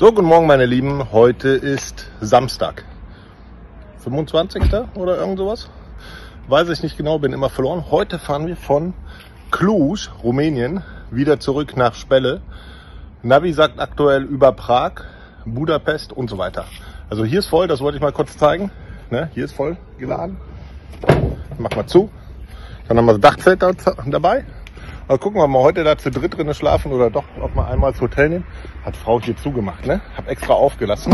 So, guten Morgen meine Lieben. Heute ist Samstag. 25. oder irgend sowas. Weiß ich nicht genau, bin immer verloren. Heute fahren wir von Cluj, Rumänien, wieder zurück nach Spelle. Navi sagt aktuell über Prag, Budapest und so weiter. Also hier ist voll, das wollte ich mal kurz zeigen. Ne, hier ist voll geladen. Mach mal zu. Dann haben wir das Dachzelt dabei. Also gucken wir mal, heute da zu dritt drinnen schlafen oder doch, ob wir einmal das Hotel nehmen. Hat Frau hier zugemacht, ne? Hab extra aufgelassen.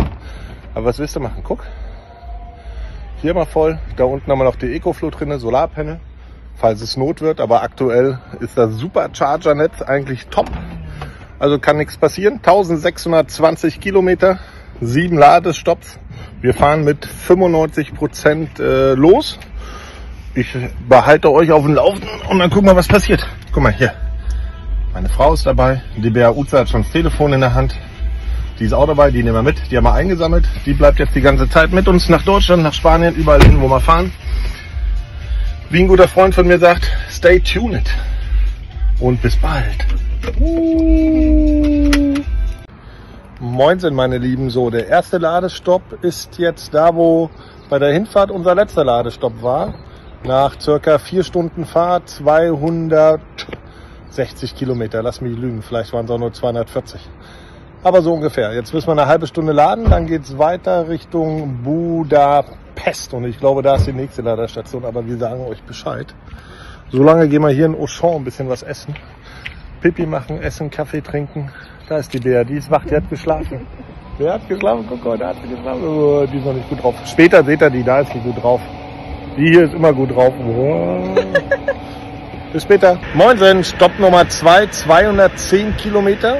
Aber was willst du machen? Guck. Hier mal voll. Da unten haben wir noch die EcoFlow drinne, Solarpanel, falls es Not wird. Aber aktuell ist das Supercharger-Netz eigentlich top. Also kann nichts passieren. 1620 Kilometer, sieben Ladestopps. Wir fahren mit 95 Prozent äh, los ich behalte euch auf dem Laufen und dann gucken wir, was passiert. Guck mal hier. Meine Frau ist dabei. Die Bea Uza hat schon das Telefon in der Hand. Die ist auch dabei, die nehmen wir mit. Die haben wir eingesammelt. Die bleibt jetzt die ganze Zeit mit uns nach Deutschland, nach Spanien, überall hin, wo wir fahren. Wie ein guter Freund von mir sagt, stay tuned. Und bis bald. Moin sind meine Lieben. So, der erste Ladestopp ist jetzt da, wo bei der Hinfahrt unser letzter Ladestopp war. Nach circa vier Stunden Fahrt 260 Kilometer. Lass mich lügen, vielleicht waren es auch nur 240. Aber so ungefähr. Jetzt müssen wir eine halbe Stunde laden, dann geht es weiter Richtung Budapest. Und ich glaube, da ist die nächste Ladestation, aber wir sagen euch Bescheid. Solange gehen wir hier in Auchan ein bisschen was essen. Pipi machen, essen, Kaffee trinken. Da ist die Bär, die ist wach, die hat geschlafen. Wer hat geschlafen? Guck mal, da hat sie geschlafen. Oh, die ist noch nicht gut drauf. Später seht ihr die, da ist sie gut drauf. Die hier ist immer gut drauf. Bis später. Moinsen, Stopp Nummer 2, 210 Kilometer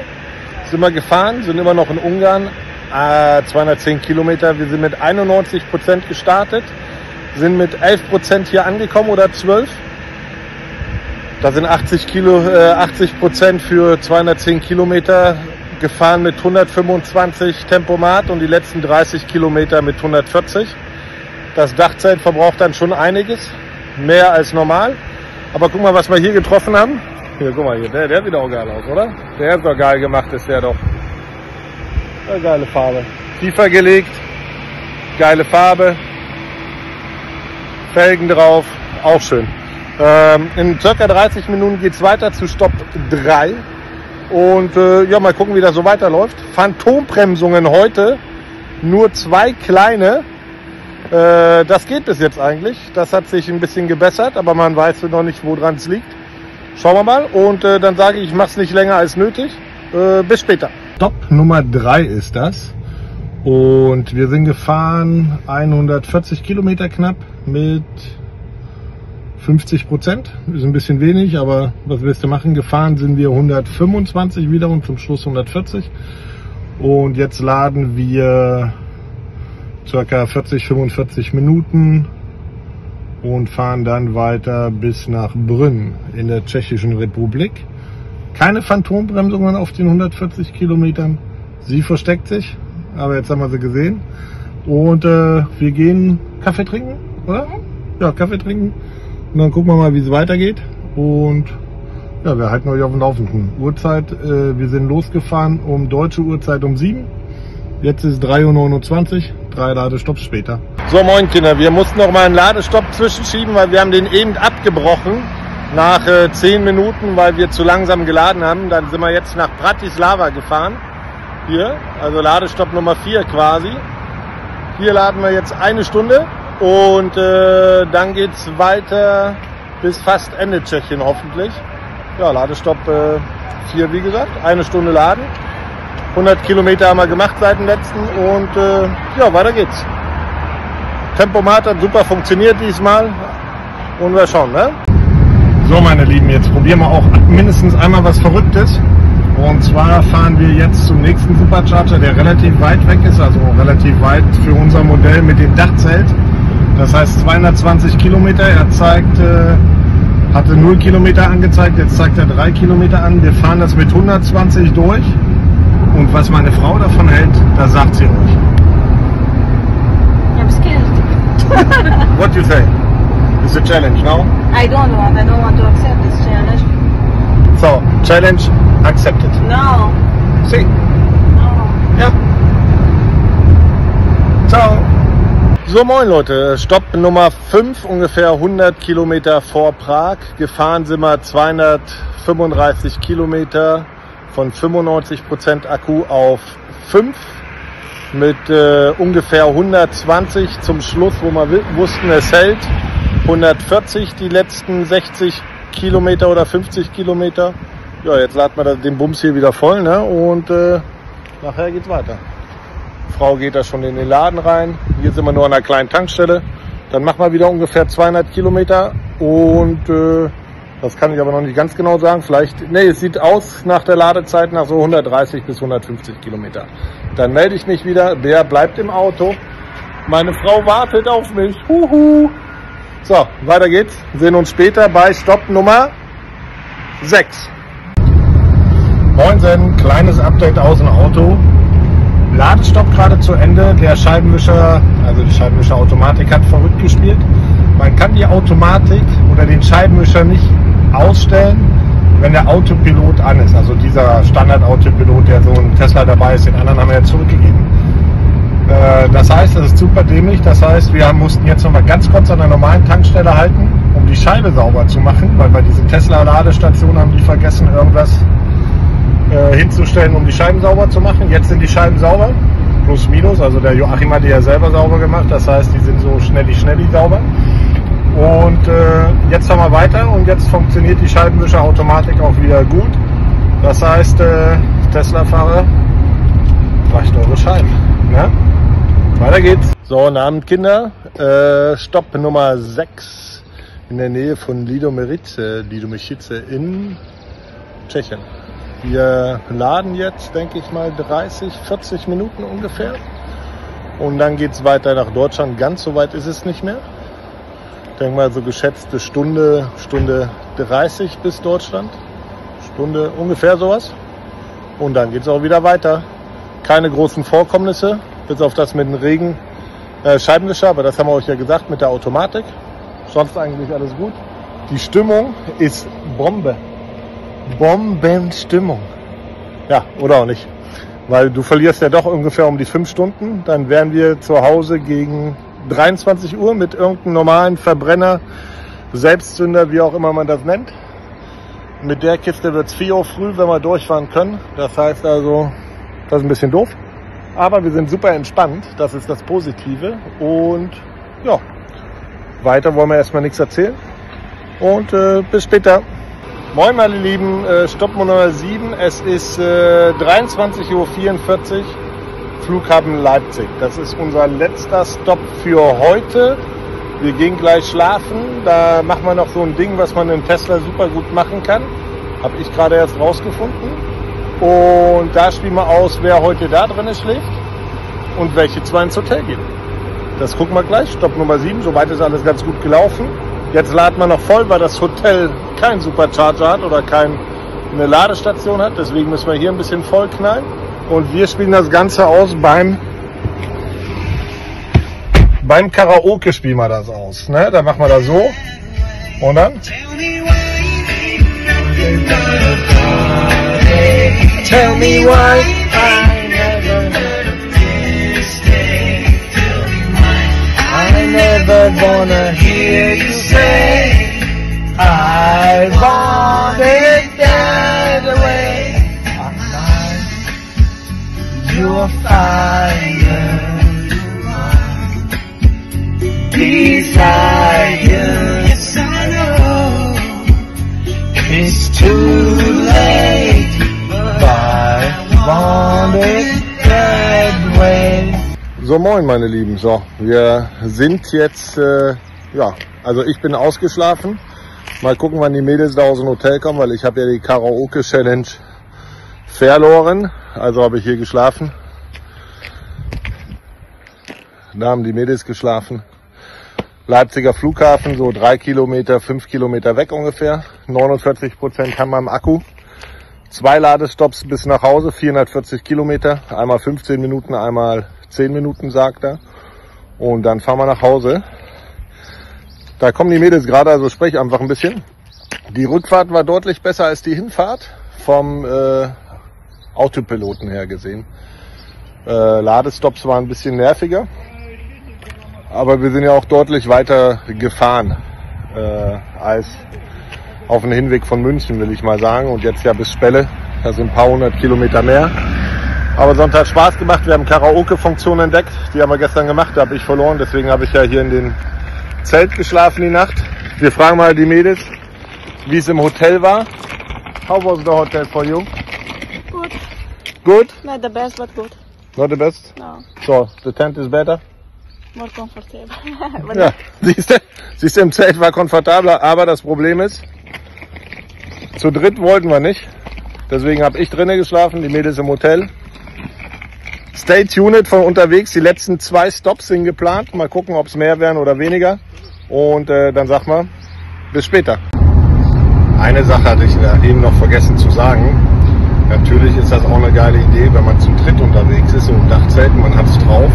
sind wir gefahren, sind immer noch in Ungarn, äh, ah, 210 Kilometer. Wir sind mit 91 Prozent gestartet, sind mit 11 Prozent hier angekommen oder 12. Da sind 80 Kilo, äh, 80 Prozent für 210 Kilometer gefahren mit 125 Tempomat und die letzten 30 Kilometer mit 140. Das Dachzelt verbraucht dann schon einiges, mehr als normal. Aber guck mal, was wir hier getroffen haben. Hier, guck mal, hier, der, der sieht auch geil aus, oder? Der ist doch geil gemacht, ist der doch. Eine geile Farbe. Tiefer gelegt, geile Farbe, Felgen drauf, auch schön. Ähm, in circa 30 Minuten geht es weiter zu Stopp 3. Und äh, ja, mal gucken, wie das so weiterläuft. Phantombremsungen heute. Nur zwei kleine. Äh, das geht bis jetzt eigentlich. Das hat sich ein bisschen gebessert, aber man weiß noch nicht, woran es liegt. Schauen wir mal. Und äh, dann sage ich, ich mache es nicht länger als nötig. Äh, bis später. Stopp Nummer 3 ist das. Und wir sind gefahren 140 Kilometer knapp mit 50 Prozent. Ist ein bisschen wenig, aber was willst du machen? Gefahren sind wir 125 wieder und zum Schluss 140. Und jetzt laden wir circa 40, 45 Minuten und fahren dann weiter bis nach Brünn in der Tschechischen Republik. Keine Phantombremsungen auf den 140 Kilometern. Sie versteckt sich, aber jetzt haben wir sie gesehen. Und äh, wir gehen Kaffee trinken, oder? Ja, Kaffee trinken. Und dann gucken wir mal, wie es weitergeht. Und ja, wir halten euch auf dem Laufenden. Uhrzeit, äh, wir sind losgefahren um deutsche Uhrzeit um 7. Jetzt ist 3.29 Uhr drei Ladestopps später. So, moin Kinder, wir mussten noch mal einen Ladestopp zwischenschieben, weil wir haben den eben abgebrochen nach äh, zehn Minuten, weil wir zu langsam geladen haben. Dann sind wir jetzt nach Bratislava gefahren. Hier, also Ladestopp Nummer vier quasi. Hier laden wir jetzt eine Stunde und äh, dann es weiter bis fast Ende Tschechien hoffentlich. Ja, Ladestopp äh, wie gesagt, eine Stunde laden 100 Kilometer haben wir gemacht seit dem letzten und äh, ja, weiter geht's. Tempomat hat super funktioniert diesmal und wir schauen, ne? So meine Lieben, jetzt probieren wir auch mindestens einmal was Verrücktes. Und zwar fahren wir jetzt zum nächsten Supercharger, der relativ weit weg ist, also relativ weit für unser Modell mit dem Dachzelt. Das heißt 220 Kilometer. Er zeigt, äh, hatte 0 Kilometer angezeigt, jetzt zeigt er 3 Kilometer an. Wir fahren das mit 120 durch und was meine Frau davon hält, das sagt sie euch. I'm scared. What do you say? It's a challenge, no? I don't want. I don't want to accept this challenge. So, challenge accepted. No. See? No. Ja. Ciao. So, moin Leute, Stopp Nummer 5, ungefähr 100 Kilometer vor Prag. Gefahren sind wir 235 Kilometer von 95% Akku auf 5 mit äh, ungefähr 120 zum Schluss, wo man wussten, es hält. 140 die letzten 60 Kilometer oder 50 Kilometer. Ja, jetzt laden wir den Bums hier wieder voll ne? und äh, nachher geht's weiter. Frau geht da schon in den Laden rein. Hier sind wir nur an einer kleinen Tankstelle. Dann machen wir wieder ungefähr 200 Kilometer und äh, das kann ich aber noch nicht ganz genau sagen. Vielleicht, nee, es sieht aus nach der Ladezeit nach so 130 bis 150 Kilometer. Dann melde ich mich wieder. Wer bleibt im Auto. Meine Frau wartet auf mich. Huhu. So, weiter geht's. Sehen uns später bei Stopp Nummer 6. Moinsen, kleines Update aus dem Auto. Ladestopp gerade zu Ende. Der Scheibenwischer, also die Scheibenwischerautomatik hat verrückt gespielt. Man kann die Automatik oder den Scheibenwischer nicht ausstellen, wenn der Autopilot an ist. Also dieser Standard-Autopilot, der so ein Tesla dabei ist, den anderen haben wir ja zurückgegeben. Äh, das heißt, das ist super dämlich. Das heißt, wir mussten jetzt nochmal ganz kurz an der normalen Tankstelle halten, um die Scheibe sauber zu machen, weil bei diesen Tesla-Ladestationen haben die vergessen, irgendwas äh, hinzustellen, um die Scheiben sauber zu machen. Jetzt sind die Scheiben sauber, plus minus. Also der Joachim hat die ja selber sauber gemacht. Das heißt, die sind so schnelli schnelli sauber. Und äh, jetzt haben wir weiter und jetzt funktioniert die Scheibenwischerautomatik auch wieder gut. Das heißt, äh, Tesla-Fahrer reicht eure Scheiben. Ne? Weiter geht's. So, guten Abend, Kinder. Äh, Stopp Nummer 6 in der Nähe von Lidomirice, Lidomirice in Tschechien. Wir laden jetzt, denke ich mal, 30, 40 Minuten ungefähr. Und dann geht's weiter nach Deutschland. Ganz so weit ist es nicht mehr denke mal so geschätzte Stunde, Stunde 30 bis Deutschland. Stunde ungefähr sowas. Und dann geht es auch wieder weiter. Keine großen Vorkommnisse, bis auf das mit dem Regen äh, Scheibenwischer, aber das haben wir euch ja gesagt mit der Automatik. Sonst eigentlich alles gut. Die Stimmung ist Bombe. Bombenstimmung. Ja, oder auch nicht. Weil du verlierst ja doch ungefähr um die fünf Stunden. Dann wären wir zu Hause gegen 23 Uhr mit irgendeinem normalen Verbrenner, Selbstzünder, wie auch immer man das nennt. Mit der Kiste wird es 4 Uhr früh, wenn wir durchfahren können. Das heißt also, das ist ein bisschen doof. Aber wir sind super entspannt, das ist das Positive. Und ja, weiter wollen wir erstmal nichts erzählen. Und äh, bis später. Moin meine Lieben, äh, Stopp Nummer 7. Es ist äh, 23.44 Uhr. Flughafen Leipzig. Das ist unser letzter Stop für heute. Wir gehen gleich schlafen. Da machen wir noch so ein Ding, was man in Tesla super gut machen kann. Habe ich gerade erst rausgefunden. Und da spielen wir aus, wer heute da drin schläft und welche zwei ins Hotel gehen. Das gucken wir gleich. Stopp Nummer 7. Soweit ist alles ganz gut gelaufen. Jetzt laden wir noch voll, weil das Hotel keinen Supercharger hat oder keine Ladestation hat. Deswegen müssen wir hier ein bisschen voll knallen. Und wir spielen das Ganze aus beim beim Karaoke spielen wir das aus. Ne? Dann machen wir das so. Und dann. Tell me why I never I never wanna hear you say I want it down. nur feine desire. Yes, I know it's too late, but I want it that way. So, moin, meine Lieben. So, wir sind jetzt, äh, ja, also ich bin ausgeschlafen. Mal gucken, wann die Mädels da aus dem Hotel kommen, weil ich habe ja die Karaoke-Challenge verloren. Also habe ich hier geschlafen. Da haben die Mädels geschlafen. Leipziger Flughafen, so drei Kilometer, fünf Kilometer weg ungefähr. 49 Prozent haben wir im Akku. Zwei Ladestops bis nach Hause, 440 Kilometer. Einmal 15 Minuten, einmal 10 Minuten, sagt er. Und dann fahren wir nach Hause. Da kommen die Mädels gerade, also sprech einfach ein bisschen. Die Rückfahrt war deutlich besser als die Hinfahrt vom äh, Autopiloten her gesehen. Äh, Ladestops waren ein bisschen nerviger. Aber wir sind ja auch deutlich weiter gefahren äh, als auf dem Hinweg von München, will ich mal sagen. Und jetzt ja bis Spelle, das sind ein paar hundert Kilometer mehr. Aber Sonntag hat halt Spaß gemacht. Wir haben Karaoke-Funktion entdeckt. Die haben wir gestern gemacht, da habe ich verloren. Deswegen habe ich ja hier in dem Zelt geschlafen die Nacht. Wir fragen mal die Mädels, wie es im Hotel war. How was the hotel for you? Good. Good? Not the best, but good. Not the best? No. So, the tent is better? War komfortabel. ja, siehst du, siehst du, im Zelt war komfortabler, aber das Problem ist, zu dritt wollten wir nicht. Deswegen habe ich drinnen geschlafen, die Mädels im Hotel. Stay tuned von unterwegs. Die letzten zwei Stops sind geplant. Mal gucken, ob es mehr werden oder weniger. Und äh, dann sag mal, bis später. Eine Sache hatte ich äh, eben noch vergessen zu sagen. Natürlich ist das auch eine geile Idee, wenn man zu dritt unterwegs ist, so im Dachzelt, man hat es drauf.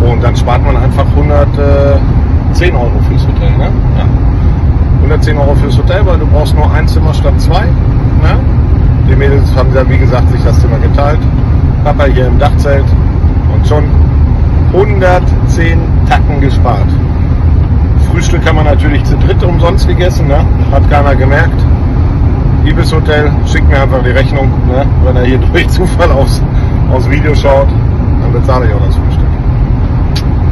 Und dann spart man einfach 110 Euro fürs Hotel. Ne? Ja. 110 Euro fürs Hotel, weil du brauchst nur ein Zimmer statt zwei. Ne? Die Mädels haben dann, wie gesagt, sich das Zimmer geteilt. Papa hier im Dachzelt und schon 110 Tacken gespart. Frühstück kann man natürlich zu dritt umsonst gegessen, ne? hat keiner gemerkt. Liebes Hotel, schickt mir einfach die Rechnung. Ne? Wenn er hier durch Zufall aufs, aufs Video schaut, dann bezahle ich auch das Frühstück.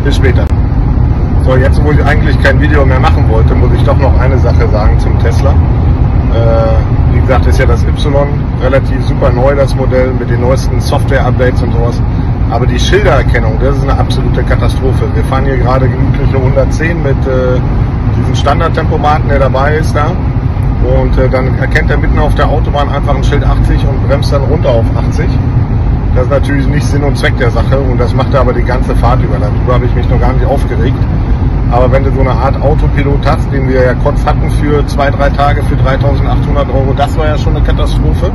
Bis später. So, jetzt wo ich eigentlich kein Video mehr machen wollte, muss ich doch noch eine Sache sagen zum Tesla. Äh, wie gesagt, ist ja das Y relativ super neu, das Modell, mit den neuesten Software-Updates und sowas. Aber die Schildererkennung, das ist eine absolute Katastrophe. Wir fahren hier gerade gemütliche 110 mit äh, diesem Standardtempomaten, der dabei ist da. Und äh, dann erkennt er mitten auf der Autobahn einfach ein Schild 80 und bremst dann runter auf 80. Das ist natürlich nicht Sinn und Zweck der Sache und das macht er aber die ganze Fahrt über. Darüber habe ich mich noch gar nicht aufgeregt. Aber wenn du so eine Art Autopilot hast, den wir ja kurz hatten für zwei, drei Tage für 3800 Euro, das war ja schon eine Katastrophe.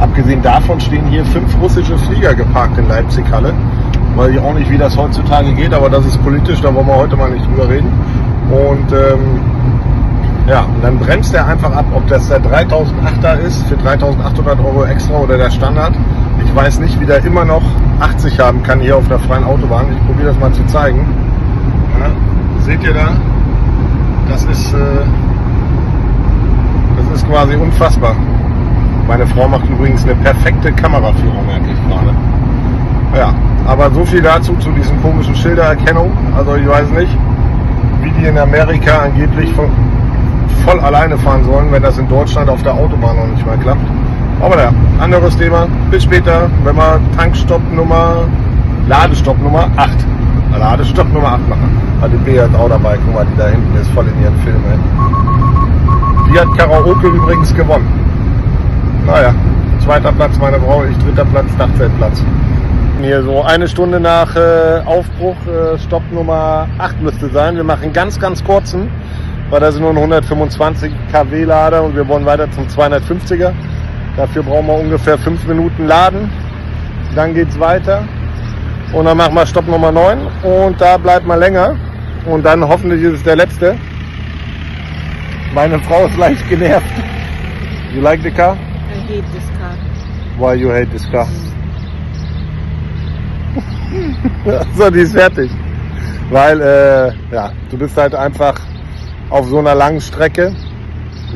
Abgesehen davon stehen hier fünf russische Flieger geparkt in Leipzig-Halle. Weil ich auch nicht, wie das heutzutage geht, aber das ist politisch, da wollen wir heute mal nicht drüber reden. Und ähm, ja, und dann bremst er einfach ab, ob das der 3008er ist für 3800 Euro extra oder der Standard. Ich weiß nicht, wie der immer noch 80 haben kann hier auf der freien Autobahn. Ich probiere das mal zu zeigen. Ja, seht ihr da? Das ist, äh, das ist quasi unfassbar. Meine Frau macht übrigens eine perfekte Kameraführung eigentlich gerade. Ja, aber so viel dazu zu diesen komischen Schildererkennungen. Also ich weiß nicht, wie die in Amerika angeblich von, voll alleine fahren sollen, wenn das in Deutschland auf der Autobahn noch nicht mal klappt. Aber naja, anderes Thema. Bis später, wenn wir Tankstoppnummer, Nummer 8. Nummer 8 machen. Hat die Bea auch dabei. Guck mal, die da hinten ist voll in ihren Filmen. Die hat Karaoke übrigens gewonnen. Naja, zweiter Platz meine Frau, ich dritter Platz, Dachfeldplatz. Hier so eine Stunde nach äh, Aufbruch, äh, Stopp Nummer 8 müsste sein. Wir machen ganz, ganz kurzen weil das nur ein 125 kW Lader und wir wollen weiter zum 250er. Dafür brauchen wir ungefähr 5 Minuten laden. Dann geht es weiter. Und dann machen wir Stopp Nummer 9 und da bleibt man länger. Und dann hoffentlich ist es der letzte. Meine Frau ist leicht genervt. You like the car? I hate this car. Why you hate this car? so, die ist fertig. Weil, äh, ja, du bist halt einfach auf so einer langen Strecke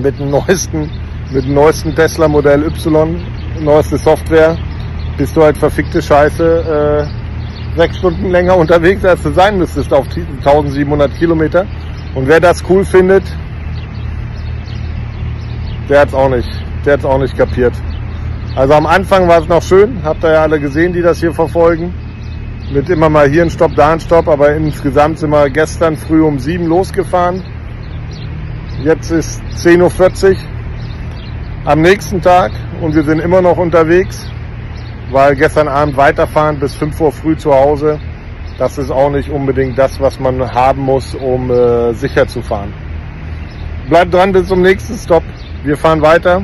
mit dem neuesten, mit dem neuesten Tesla Modell Y, neueste Software, bist du halt verfickte Scheiße äh, sechs Stunden länger unterwegs, als du sein müsstest auf 1700 Kilometer. Und wer das cool findet, der hat's auch nicht, der hat's auch nicht kapiert. Also am Anfang war es noch schön, habt ihr ja alle gesehen, die das hier verfolgen. Mit immer mal hier ein Stopp, da ein Stopp, aber insgesamt sind wir gestern früh um sieben losgefahren Jetzt ist 10.40 Uhr am nächsten Tag und wir sind immer noch unterwegs, weil gestern Abend weiterfahren bis 5 Uhr früh zu Hause, das ist auch nicht unbedingt das, was man haben muss, um äh, sicher zu fahren. Bleibt dran bis zum nächsten Stop. Wir fahren weiter.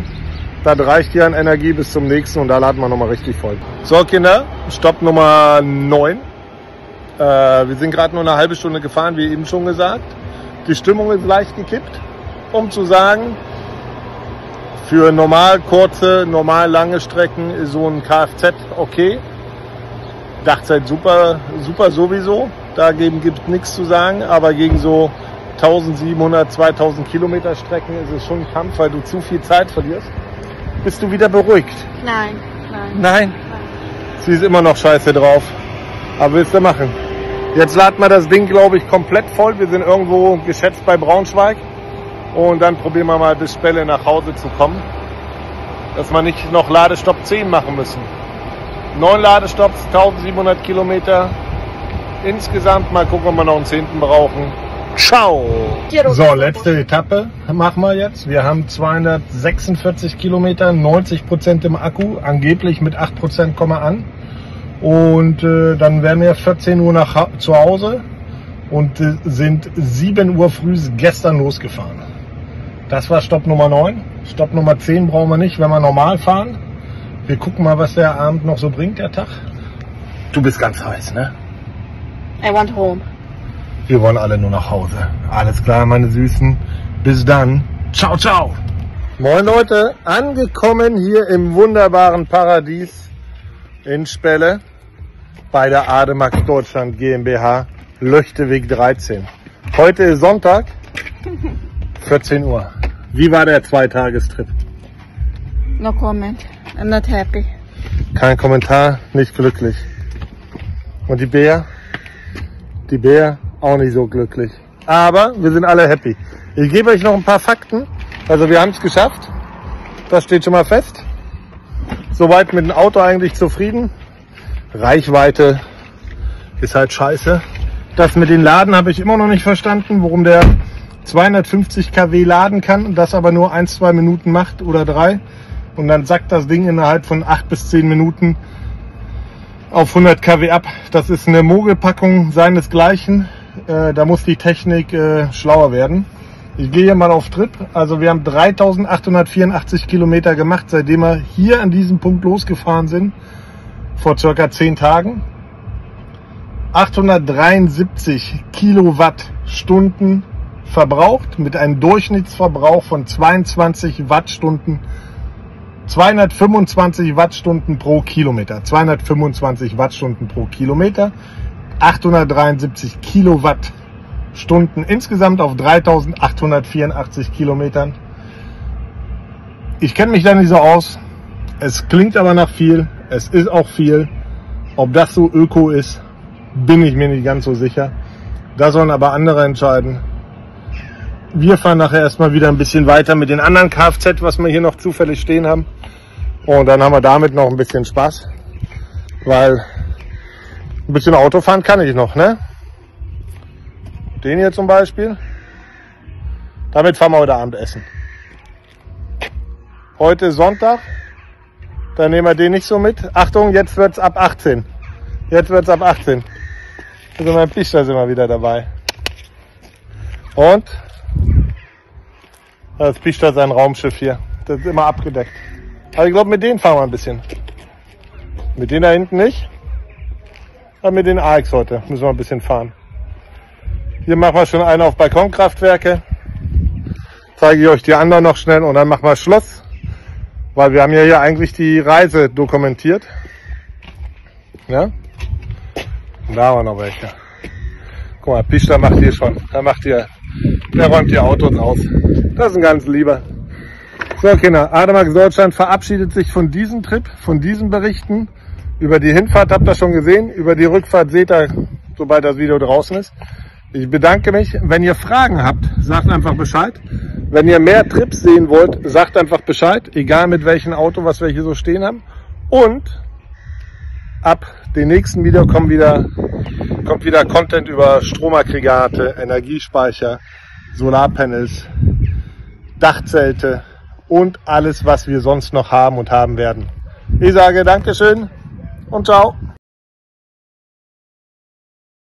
Das reicht hier an Energie bis zum nächsten und da laden wir nochmal richtig voll. So Kinder, Stopp Nummer 9. Äh, wir sind gerade nur eine halbe Stunde gefahren, wie eben schon gesagt. Die Stimmung ist leicht gekippt um zu sagen, für normal kurze, normal lange Strecken ist so ein Kfz okay. Dachzeit super, super sowieso. Dagegen gibt es nichts zu sagen. Aber gegen so 1700, 2000 Kilometer Strecken ist es schon ein Kampf, weil du zu viel Zeit verlierst. Bist du wieder beruhigt? Nein, nein. Nein? Sie ist immer noch scheiße drauf. Aber willst du machen? Jetzt laden wir das Ding, glaube ich, komplett voll. Wir sind irgendwo geschätzt bei Braunschweig. Und dann probieren wir mal bis Spelle nach Hause zu kommen. Dass wir nicht noch Ladestopp 10 machen müssen. Neun Ladestopps, 1700 Kilometer. Insgesamt mal gucken, ob wir noch einen zehnten brauchen. Ciao! So, letzte Etappe machen wir jetzt. Wir haben 246 Kilometer, 90 Prozent im Akku, angeblich mit 8 Prozent kommen wir an. Und äh, dann wären wir 14 Uhr nach, zu Hause und äh, sind 7 Uhr früh gestern losgefahren. Das war Stopp Nummer 9. Stopp Nummer 10 brauchen wir nicht, wenn wir normal fahren. Wir gucken mal, was der Abend noch so bringt, der Tag. Du bist ganz heiß, ne? I want home. Wir wollen alle nur nach Hause. Alles klar, meine Süßen. Bis dann. Ciao, ciao. Moin Leute, angekommen hier im wunderbaren Paradies in Spelle bei der Ademax Deutschland GmbH. Löchteweg 13. Heute ist Sonntag, 14 Uhr. Wie war der Zweitagestrip? No comment. I'm not happy. Kein Kommentar, nicht glücklich. Und die Bär? Die Bär auch nicht so glücklich. Aber wir sind alle happy. Ich gebe euch noch ein paar Fakten. Also wir haben es geschafft. Das steht schon mal fest. Soweit mit dem Auto eigentlich zufrieden. Reichweite ist halt scheiße. Das mit den Laden habe ich immer noch nicht verstanden, warum der 250 kW laden kann und das aber nur 1, 2 Minuten macht oder 3. Und dann sackt das Ding innerhalb von 8 bis 10 Minuten auf 100 kW ab. Das ist eine Mogelpackung seinesgleichen. Äh, da muss die Technik äh, schlauer werden. Ich gehe hier mal auf Trip. Also wir haben 3884 Kilometer gemacht, seitdem wir hier an diesem Punkt losgefahren sind, vor circa 10 Tagen. 873 Kilowattstunden verbraucht mit einem Durchschnittsverbrauch von 22 Wattstunden, 225 Wattstunden pro Kilometer, 225 Wattstunden pro Kilometer, 873 Kilowattstunden insgesamt auf 3884 Kilometern. Ich kenne mich da nicht so aus. Es klingt aber nach viel. Es ist auch viel. Ob das so öko ist, bin ich mir nicht ganz so sicher. Da sollen aber andere entscheiden. Wir fahren nachher erstmal wieder ein bisschen weiter mit den anderen Kfz, was wir hier noch zufällig stehen haben. Und dann haben wir damit noch ein bisschen Spaß, weil ein bisschen Auto fahren kann ich noch, ne? Den hier zum Beispiel. Damit fahren wir heute Abend essen. Heute ist Sonntag. Dann nehmen wir den nicht so mit. Achtung, jetzt wird es ab 18. Jetzt wird es ab 18. Also mein Fischer ist immer wieder dabei. Und? Das ist ein Raumschiff hier. Das ist immer abgedeckt. Aber ich glaube, mit denen fahren wir ein bisschen. Mit denen da hinten nicht. Aber mit den AX heute müssen wir ein bisschen fahren. Hier machen wir schon eine auf Balkonkraftwerke. Zeige ich euch die anderen noch schnell und dann machen wir Schluss. Weil wir haben ja hier eigentlich die Reise dokumentiert. Ja? Da haben wir noch welche. Guck mal, Pisch, da macht ihr schon. Da macht ihr, der räumt ihr Autos aus. Das ist ein ganz lieber. So Kinder, Ademax Deutschland verabschiedet sich von diesem Trip, von diesen Berichten. Über die Hinfahrt habt ihr schon gesehen, über die Rückfahrt seht ihr, sobald das Video draußen ist. Ich bedanke mich. Wenn ihr Fragen habt, sagt einfach Bescheid. Wenn ihr mehr Trips sehen wollt, sagt einfach Bescheid. Egal mit welchem Auto, was wir hier so stehen haben. Und ab dem nächsten Video kommen wieder, kommt wieder Content über Stromaggregate, Energiespeicher, Solarpanels, Dachzelte und alles, was wir sonst noch haben und haben werden. Ich sage Dankeschön und ciao.